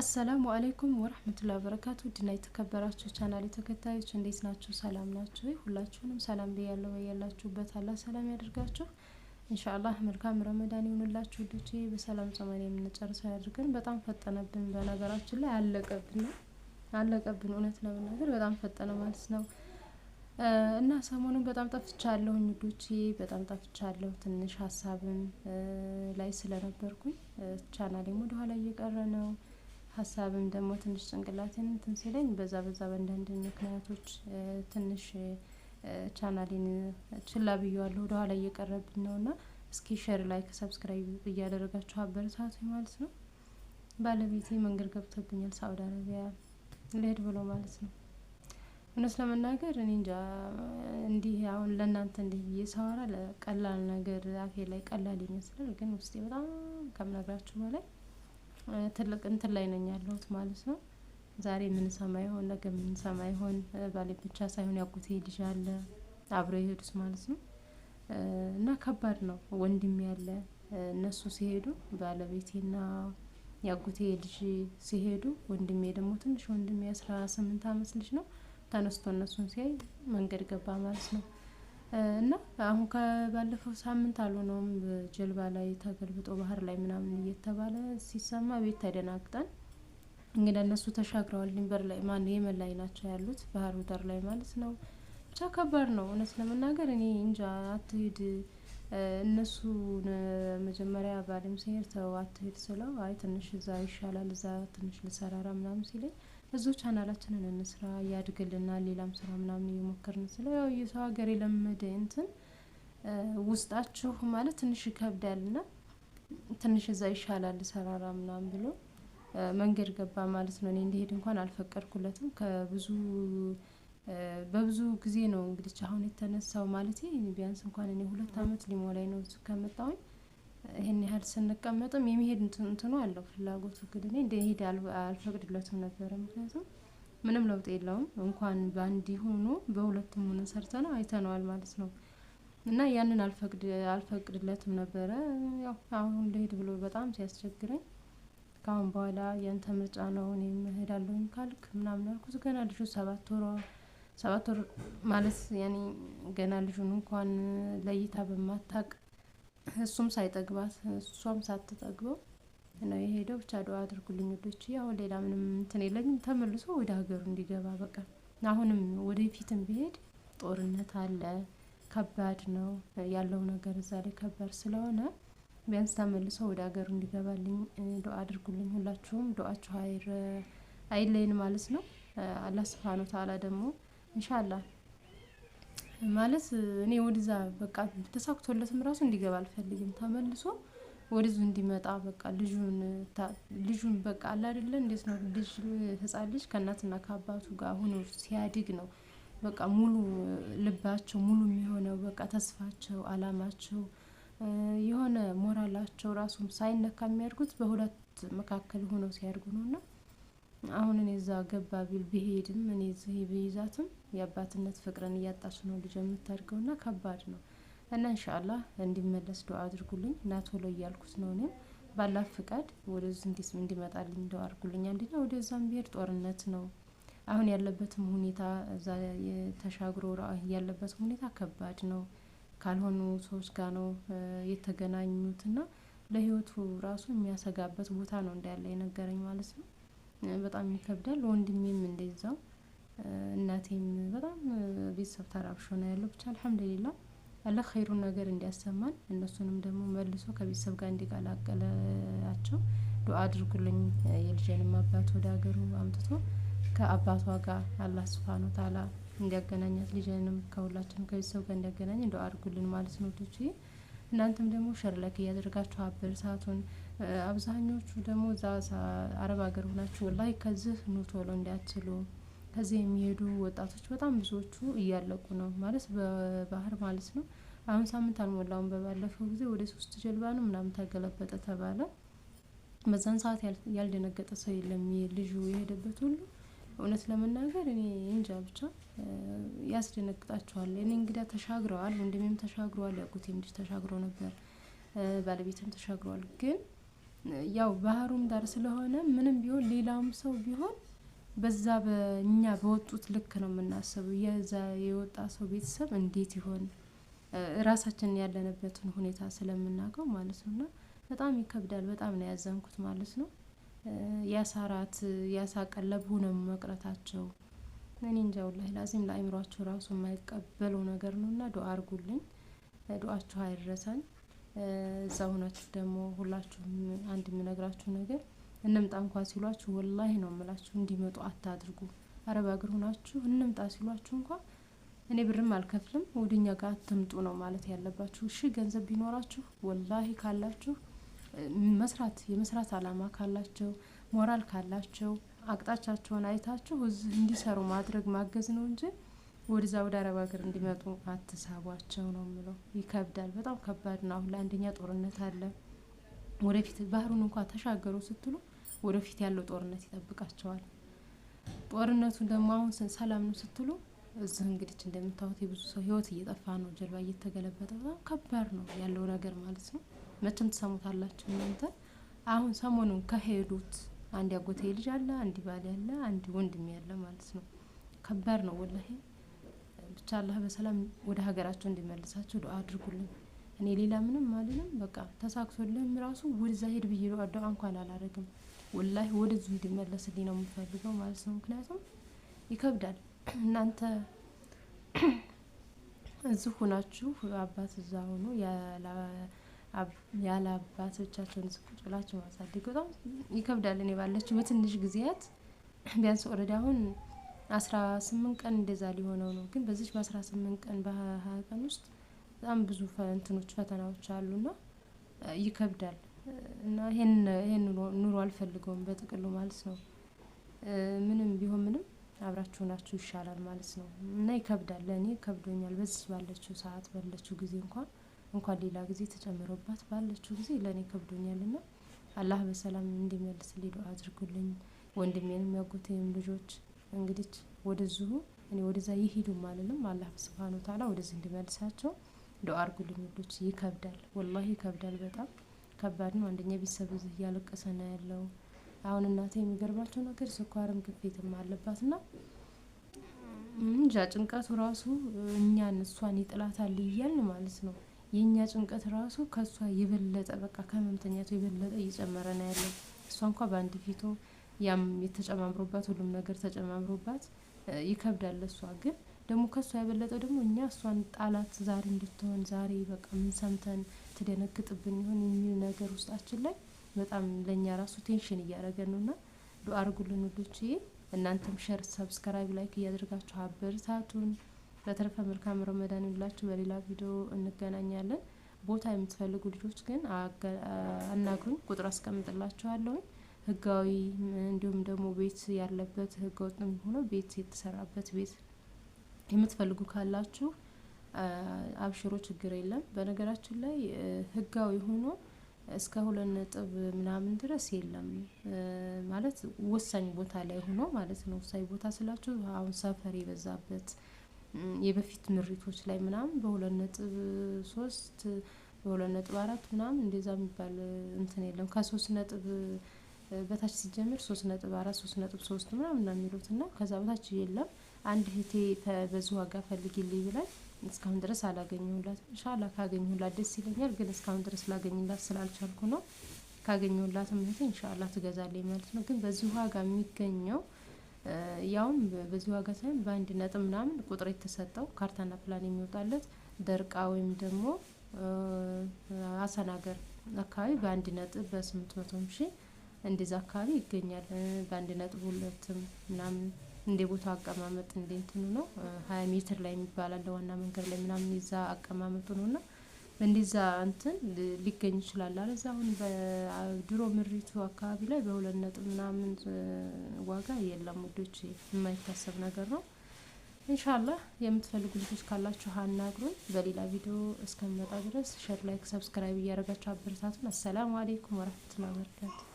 አሰላሙ አሌይኩም ወረህመቱላ በረካቱ ውድና የተከበራችሁ ቻናል ተከታዮች እንዴት ናችሁ? ሰላም ናችሁ? ሁላችሁንም ሰላም ብያለሁ። በያላችሁበት አላህ ሰላም ያደርጋችሁ። ኢንሻአላህ መልካም ረመዳን ይሁንላችሁ ውዶቼ። በሰላም ጾመን የምንጨርሰው ያድርገን። በጣም ፈጠነብን። በነገራችን ላይ አለቀብን አለቀብን። እውነት ለመናገር በጣም ፈጠነ ማለት ነው እና ሰሞኑን በጣም ጠፍቻለሁ ውዶቼ፣ በጣም ጠፍቻለሁ። ትንሽ ሀሳብም ላይ ስለነበርኩኝ ቻናሌም ወደኋላ እየቀረ ነው ሀሳብም ደግሞ ትንሽ ጭንቅላቴን እንትን ሲለኝ በዛ በዛ በአንዳንድ ምክንያቶች ትንሽ ቻናሌን ችላ ብየዋለሁ፣ ወደኋላ እየቀረብኝ ነው እና እስኪ ሼር፣ ላይክ፣ ሰብስክራይብ እያደረጋችሁ አበረታቱኝ ማለት ነው። ባለቤቴ መንገድ ገብቶብኛል፣ ሳውዲ አረቢያ ልሄድ ብሎ ማለት ነው። እውነት ለመናገር እኔ እንጃ እንዲህ አሁን ለእናንተ እንዲህ ብዬ ሳወራ ቀላል ነገር አፌ ላይ ቀላል ይመስላል፣ ግን ውስጤ በጣም ከምነግራችሁ በላይ ትልቅ እንትን ላይ ነኝ ያለሁት ማለት ነው። ዛሬ የምንሰማ ይሆን ነገ የምንሰማ ይሆን? ባሌ ብቻ ሳይሆን ያጎቴ ልጅ አለ አብረው የሄዱት ማለት ነው። እና ከባድ ነው። ወንድም ያለ እነሱ ሲሄዱ ባለቤቴና ያጎቴ ልጅ ሲሄዱ፣ ወንድሜ ደግሞ ትንሽ ወንድሜ አስራ ስምንት አመት ልጅ ነው ተነስቶ እነሱን ሲያይ መንገድ ገባ ማለት ነው። እና አሁን ከባለፈው ሳምንት አልሆነውም ጀልባ ላይ ተገልብጦ ባህር ላይ ምናምን እየተባለ ሲሰማ ቤት ተደናግጠን እንግዲህ እነሱ ተሻግረዋል። ድንበር ላይ ማን የመን ላይ ናቸው ያሉት ባህር ዳር ላይ ማለት ነው። ብቻ ከባድ ነው እውነት ለመናገር እኔ እንጃ አትሂድ እነሱን መጀመሪያ ባሌም ሲሄድ ተው አትሄድ ስለው አይ ትንሽ እዛ ይሻላል እዛ ትንሽ ልሰራራ ምናምን ሲለኝ እዚሁ ቻናላችንን እንስራ ያድግልናል፣ ሌላም ስራ ምናምን እየሞከርን ስለው ያው የሰው ሀገር የለመደ እንትን ውስጣችሁ ማለት ትንሽ ይከብዳልና ትንሽ እዛ ይሻላል ልሰራራ ምናምን ብሎ መንገድ ገባ ማለት ነው። እኔ እንዲሄድ እንኳን አልፈቀድኩለትም ከብዙ ከብዙ ጊዜ ነው እንግዲህ አሁን የተነሳው ማለት ቢያንስ እንኳን እኔ ሁለት አመት ሊሞላኝ ነው እዚህ ከመጣሁኝ። ይሄን ያህል ስንቀመጥም የመሄድ እንትኑ አለው ፍላጎቱ ግን እኔ እንደሄድ አልፈቅድለትም ነበረ። ምክንያቱም ምንም ለውጥ የለውም እንኳን በአንድ ሆኖ በሁለትም ሆነ ሰርተነው አይተነዋል ማለት ነው። እና ያንን አልፈቅድለትም ነበረ ያው አሁን ልሄድ ብሎ በጣም ሲያስቸግረኝ ከአሁን በኋላ ያንተ ምርጫ ነው እኔም ካልክ ምናምን አልኩት። ገና ልጁ ሰባት ወሯ ሰባት ወር ማለት ያኔ ገና ልጁን እንኳን ለይታ በማታቅ እሱም ሳይጠግባት እሷም ሳትጠግበው ነው የሄደው። ብቻ ዱዓ አድርጉልኝ ወዶች። አሁን ሌላ ምንም እንትን የለኝም። ተመልሶ ወደ ሀገሩ እንዲገባ በቃ አሁንም ወደፊትም ቢሄድ ጦርነት አለ፣ ከባድ ነው ያለው ነገር እዛ ላይ ከባድ ስለሆነ ቢያንስ ተመልሶ ወደ ሀገሩ እንዲገባልኝ ዱዓ አድርጉልኝ። ሁላችሁም ዱዓችሁ አይለይን ማለት ነው። አላህ ስብሃነ ወተዓላ ደግሞ እንሻላ ማለት እኔ ወደዛ በቃ ተሳክቶለትም ራሱ እንዲገባ አልፈልግም። ተመልሶ ወደዙ እንዲመጣ በቃ ልጁን በቃ አለ አይደለ? እንዴት ነው ልጅ ህፃን ልጅ ከእናትና ከአባቱ ጋር ሆኖ ሲያድግ ነው በቃ ሙሉ ልባቸው ሙሉ የሚሆነው በቃ ተስፋቸው፣ አላማቸው፣ የሆነ ሞራላቸው ራሱም ሳይነካ የሚያድጉት በሁለት መካከል ሆነው ሲያድጉ ነው እና አሁን እኔ እዛ ገባ ቢል ብሄድም እኔ እዚህ ብይዛትም የአባትነት ፍቅርን እያጣች ነው ልጅ የምታድገው ና ከባድ ነው እና ኢንሻአላህ እንዲመለስ ዱአ አድርጉልኝ እና ቶሎ እያልኩት ነው እኔም ባላ ፍቃድ ወደዚህ እንዲስ እንዲመጣልኝ ዱአ አድርጉልኝ። አንደኛ ወደዛም ብሄድ ጦርነት ነው። አሁን ያለበትም ሁኔታ እዛ ተሻግሮ ያለበትም ሁኔታ ከባድ ነው። ካልሆኑ ሰዎች ጋር ነው የተገናኙትና ለህይወቱ ራሱ የሚያሰጋበት ቦታ ነው እንዳለ የነገረኝ ማለት ነው። በጣም ይከብዳል። ወንድሜም እንደዛው እናቴም በጣም ቤተሰብ ተራብሾ ነው ያለው። ብቻ አልሐምዱሊላ አላህ ኸይሩን ነገር እንዲያሰማን እነሱንም ደግሞ መልሶ ከቤተሰብ ጋር እንዲቀላቀላቸው ዱአ አድርጉልኝ። የልጄንም አባት ወደ ሀገሩ አምጥቶ ከአባቷ ጋር አላህ ስብሓን ታላ እንዲያገናኛት ልጄንም ከሁላችንም ከቤተሰብ ጋር እንዲያገናኝ ዱአ አድርጉልን ማለት ነው። እናንተም ደግሞ ሸርለክ እያደረጋችሁ ሰዓቱን አብዛኞቹ ደግሞ እዛ አረብ ሀገር ሆናችሁ ላይ ከዚህ ኑ ቶሎ እንዳትሉ ከዚህ የሚሄዱ ወጣቶች በጣም ብዙዎቹ እያለቁ ነው ማለት በባህር ማለት ነው። አሁን ሳምንት አልሞላውም በባለፈው ጊዜ ወደ ሶስት ጀልባ ነው ምናምን ተገለበጠ ተባለ። በዛን ሰዓት ያልደነገጠ ሰው የለም። ልጁ የሄደበት ሁሉ እውነት ለመናገር እኔ እንጃ ብቻ ያስደነግጣቸዋል። እኔ እንግዲያ ተሻግረዋል፣ ወንድሜም ተሻግረዋል፣ ያጎቴም ልጅ ተሻግሮ ነበር፣ ባለቤትም ተሻግረዋል ግን ያው ባህሩም ዳር ስለሆነ ምንም ቢሆን ሌላውም ሰው ቢሆን በዛ በእኛ በወጡት ልክ ነው የምናስበው። የዛ የወጣ ሰው ቤተሰብ እንዴት ይሆን ራሳችንን ያለንበትን ሁኔታ ስለምናውቀው ማለት ነው። እና በጣም ይከብዳል። በጣም ነው ያዘንኩት ማለት ነው። ያሳራት ያሳቀለብ ሆነ መቅረታቸው እኔ እንጃ ወላሂ ላዚም ለአይምሯቸው ራሱ የማይቀበለው ነገር ነው። እና ዱአ አርጉልኝ፣ ዱአችሁ አይረሳን። እዛ ሆናችሁ ደግሞ ሁላችሁም አንድ የምነግራችሁ ነገር እንምጣ እንኳ ሲሏችሁ ወላሂ ነው የምላችሁ እንዲመጡ አታድርጉ። አረብ ሀገር ሆናችሁ እንምጣ ሲሏችሁ እንኳ እኔ ብርም አልከፍልም ወደኛ ጋር አትምጡ ነው ማለት ያለባችሁ። እሺ ገንዘብ ቢኖራችሁ ወላሂ ካላችሁ መስራት የመስራት አላማ ካላቸው ሞራል ካላቸው አቅጣጫቸውን አይታችሁ እዚህ እንዲሰሩ ማድረግ ማገዝ ነው እንጂ ወደዛ ወደ አረብ ሀገር እንዲመጡ አትሳቧቸው ነው የምለው። ይከብዳል፣ በጣም ከባድ ነው። አሁን ለአንደኛ ጦርነት አለ። ወደፊት ባህሩን እንኳ ተሻገሩ ስትሉ ወደፊት ያለው ጦርነት ይጠብቃቸዋል። ጦርነቱን ደግሞ አሁን ሰላም ነው ስትሉ እዚህ እንግዲች እንደምታዩት የብዙ ሰው ህይወት እየጠፋ ነው፣ ጀልባ እየተገለበጠ በጣም ከባድ ነው ያለው ነገር ማለት ነው። መቼም ትሰሙታላችሁ እናንተ። አሁን ሰሞኑን ከሄዱት አንድ ያጎቴ ልጅ አለ፣ አንድ ባል ያለ፣ አንድ ወንድም ያለ ማለት ነው። ከባድ ነው ወላ። ብቻ አላህ በሰላም ወደ ሀገራቸው እንዲመልሳቸው ዱአ አድርጉልን። እኔ ሌላ ምንም አልልም። በቃ ተሳክቶልህም ራሱ ወደዛ ሄድ ብዬ ዱአ እንኳን አላረግም። ወላሂ ወደዚሁ እንዲመለስልኝ ነው የምፈልገው ማለት ነው። ምክንያቱም ይከብዳል። እናንተ እዚሁ ናችሁ አባት እዛ ሆኖ ያለ አባት ብቻቸውን ቁጭ ብላችሁ ማሳደግ በጣም ይከብዳል። እኔ ባለችው በትንሽ ጊዜያት ቢያንስ ኦልሬዲ አሁን አስራ ስምንት ቀን እንደዛ ሊሆነው ነው። ግን በዚች በአስራ ስምንት ቀን በሀያ ቀን ውስጥ በጣም ብዙ እንትኖች ፈተናዎች አሉና ይከብዳል እና ይሄን ኑሮ አልፈልገውም በጥቅሉ ማለት ነው። ምንም ቢሆን ምንም አብራችሁ ናችሁ ይሻላል ማለት ነው እና ይከብዳል። ለእኔ ከብዶኛል። በዚች ባለችው ሰዓት ባለችው ጊዜ እንኳን እንኳን ሌላ ጊዜ ተጨምሮባት ባለችው ጊዜ ለእኔ ከብዶኛል ና አላህ በሰላም እንዲመልስልኝ ዱአ አድርጉልኝ። ወንድሜንም ያጎቴንም ልጆች እንግዲህ ወደዚሁ እኔ ወደዛ ይሄዱ አልልም። አላህ ስብሃነ ወተዓላ ወደዚህ እንዲመልሳቸው እንደው አርጉልኝ ውዶች። ይከብዳል፣ ወላሂ ይከብዳል። በጣም ከባድ ነው። አንደኛ ቤተሰብ እዚህ እያለቀሰ ነው ያለው። አሁን እናቴ የሚገርባቸው ነገር ስኳርም ግፊትም አለባትና እና እንጃ ጭንቀቱ ራሱ እኛን እሷን ይጥላታል እያልን ማለት ነው። የእኛ ጭንቀት ራሱ ከእሷ የበለጠ በቃ ከመምተኛቱ የበለጠ እየጨመረ ነው ያለው። እሷ እንኳ በአንድ ፊቶ ያም የተጨማምሮባት ሁሉም ነገር ተጨማምሮባት ይከብዳል። እሷ ግን ደግሞ ከእሷ የበለጠው ደግሞ እኛ እሷን ጣላት ዛሬ እንድትሆን ዛሬ በቃ ምን ሰምተን ትደነግጥብን ይሆን የሚል ነገር ውስጣችን ላይ በጣም ለእኛ ራሱ ቴንሽን እያደረገ ነው። ና ዱ አርጉልን ውዶቼ፣ እናንተም ሸር፣ ሰብስክራይብ፣ ላይክ እያደረጋችሁ አበርታቱን። በተረፈ መልካም ረመዳን ይላችሁ። በሌላ ቪዲዮ እንገናኛለን። ቦታ የምትፈልጉ ልጆች ግን አናግሩኝ፣ ቁጥር አስቀምጥላችኋለሁኝ። ህጋዊ እንዲሁም ደግሞ ቤት ያለበት ህገወጥም ሆኖ ቤት የተሰራበት ቤት የምትፈልጉ ካላችሁ አብሽሮ ችግር የለም። በነገራችን ላይ ህጋዊ ሆኖ እስከ ሁለት ነጥብ ምናምን ድረስ የለም ማለት ወሳኝ ቦታ ላይ ሆኖ ማለት ነው። ወሳኝ ቦታ ስላችሁ አሁን ሰፈር የበዛበት የበፊት ምሪቶች ላይ ምናምን በሁለት ነጥብ ሶስት በሁለት ነጥብ አራት ምናምን እንደዛ የሚባል እንትን የለም። ከሶስት ነጥብ በታች ሲጀምር ሶስት ነጥብ አራት ሶስት ነጥብ ሶስት ምናምን ነው የሚሉት እና ከዛ በታች የለም። አንድ እህቴ በዙ ዋጋ ፈልጊልኝ ብላኝ እስካሁን ድረስ አላገኘሁላት። እንሻላ ካገኘሁላት ደስ ይለኛል፣ ግን እስካሁን ድረስ ላገኝላት ስላልቻልኩ ነው። ካገኘሁላትም እህቴ እንሻላ ትገዛለኝ ማለት ነው። ግን በዚህ ዋጋ የሚገኘው ያውም በዚህ ዋጋ ሳይሆን በአንድ ነጥብ ምናምን ቁጥር የተሰጠው ካርታና ፕላን የሚወጣለት ደርቃ ወይም ደግሞ አሰናገር አካባቢ በአንድ ነጥብ በስምንት መቶ ሺህ እንደዛ አካባቢ ይገኛል። በአንድ ነጥብ ሁለትም ምናምን እንደ ቦታ አቀማመጥ እንደ እንትኑ ነው። ሀያ ሜትር ላይ የሚባል አለ ዋና መንገድ ላይ ምናምን የዛ አቀማመጡ ነው እና እንደዛ እንትን ሊገኝ ይችላል። አለዛ አሁን በድሮ ምሪቱ አካባቢ ላይ በሁለት ነጥብ ምናምን ዋጋ የለም ውዶች፣ የማይታሰብ ነገር ነው። ኢንሻላህ የምትፈልጉ ልጆች ካላችሁ አናግሩን። በሌላ ቪዲዮ እስከምመጣ ድረስ ሸር፣ ላይክ፣ ሰብስክራይብ እያደረጋችሁ አበረታቱን። አሰላሙ አሌይኩም ወረህመቱላሂ ወበረካቱህ